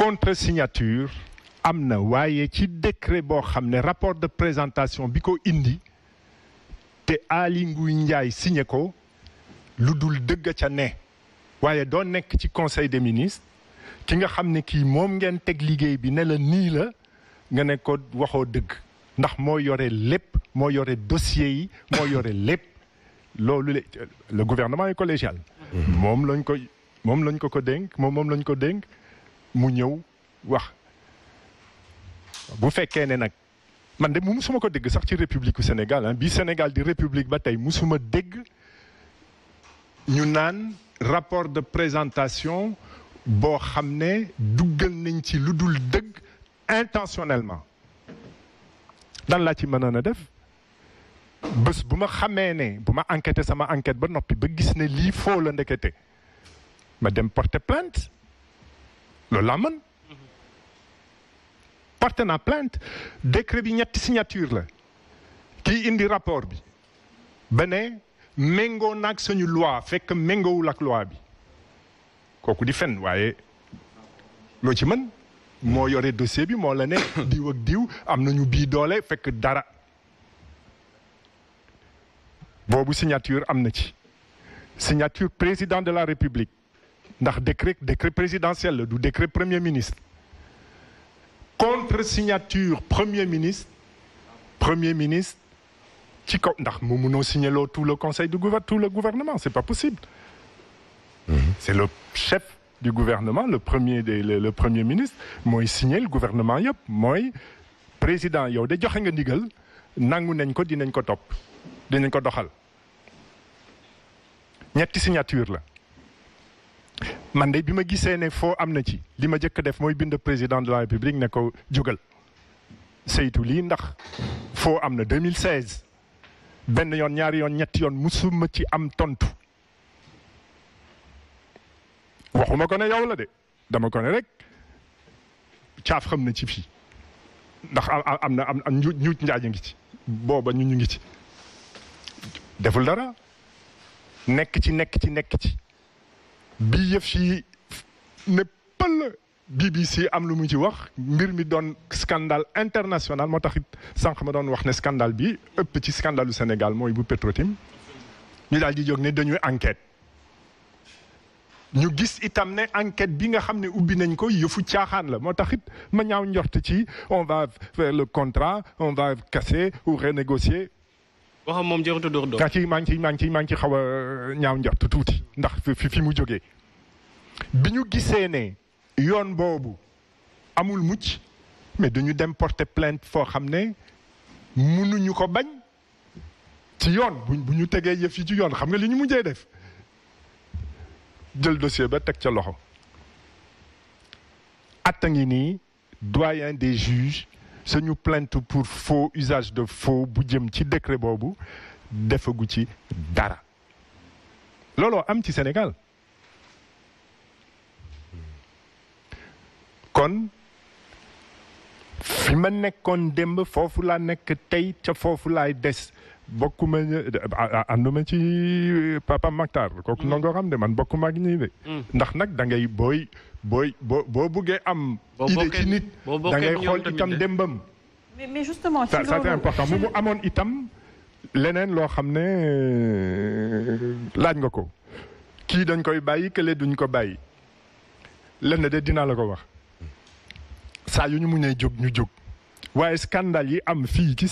contre-signature am na waaye ci décret boo xam ne rapport de présentation bi ko indi te Aly Ngouille njaay signé ko lu dul dëgg ca ne waaye doo nekk ci conseil de ministres ki nga xam ne kii moom ngeen teg liggéey bi ne la nii la nga ne ko waxoo dëgg ndax moo yore lépp moo yore dossier yi moo yore lépp loolu le le gouvernement est collégial mm-hmm. moom lañ ko moom lañ ko ko dénk moom moom lañ ko dénk mu ñëw wax bu fekkee ne nag man de musuma ko dégg sax ci république bu Sénégal ah bii Sénégal di république ba tey musuma dégg ñu naan rapport de présentation boo xam ne duggal nañ ci lu dul dëgg intentionnellement dan laa ci mënoon a def bés bu ma xamee ne bu ma enquêté sama enquête ba noppi ba gis ne lii foo la ndekete ma dem porter plainte loolu laa mën partenant naa plainte bi ñetti signature la kii indi rapport bi ba ne méngoo naag suñu loi fekk méngoowul ak loi bi kooku di fen waaye loo ci mën moo yore dossier bi moo la ne diw ak diw am nañu bii doole fekk dara boobu signature am na ci signature président de la république ndax décret décret présidentiel la du décret premier ministre contre signature premier ministre premier ministre ci kaw ndax mu munoo signer loo tout le conseil du gouver tout le gouvernement c'est pas possible mhm. c'est le chef du gouvernement le premier des le, le premier ministre mooy signer gouvernement yëpp mooy président yow de joxe nga ndigal nangu nañ ko dinañ ko topp dinañ ko doxal ñetti signature la man de bi ma gisee ne foo am na ci li ma jëkk def mooy bind président de la république ne ko jógal saytu lii ndax foo am na 2016 benn yoon ñaari yoon ñetti yoon musuma ci am tontu waxuma ko yow la de dama ko ne rek caaf xam na ci fii ndax am na am na ñu ñu njaaja ngi ci booba ñu ñu ngi ci deful dara nekk ci nekk ci nekk ci. bi yëf ci ne pël BBC am lu mu ci wax mbir mi doon scandale international moo tax it sànq ma doon wax ne scandale bi ëpp ci u Sénégal mooy bu Petrotim ñu daal di jóg ne dañuy enquête ñu gis itam ne enquête bi nga xam ne ubbi nañ ko yëfu caaxaan la moo taxit it ma ñaaw njort ci on va faire le contrat on va casser ou renégocier waxam moom jërëjëf dóor dóor. maa ci maa ngi ci maa ngi ci maa ngi ci xaw euh, ñaaw njort tuuti ndax fi fi mu jógee bi ñu gisee ne yoon boobu amul mucc mais dañu dem porter plainte foo xam ne mënuñu ko bañ ci yoon bu ñu tegee yëf yi ci yoon xam nga li ñu mujjee def jël dossier ba teg ca loxo. atta ngi nii doyen des juges suñu plainte pour faux usage de faux bu jëm ci décret boobu defagu ci dara looloo am ci Sénégal kon fi ma nekkoon démb foofu laa nekk tey ca foofu laay des bokkuma ànduma ci Papa Maktar kooku mm. nangoo de man bokkuma ak ñii de mm. ndax nag dangay ngay booy bo bo boo buggee am. idée nit da ngay xool itam démbam. mais mais mu amoon itam leneen loo xam ne euh, laaj nga ko kii dañ koy bàyyi kële duñ ko bàyyi len de dinaa la ko wax saa yu ñu munee jóg ñu jóg waaye scandale yi am fii ci.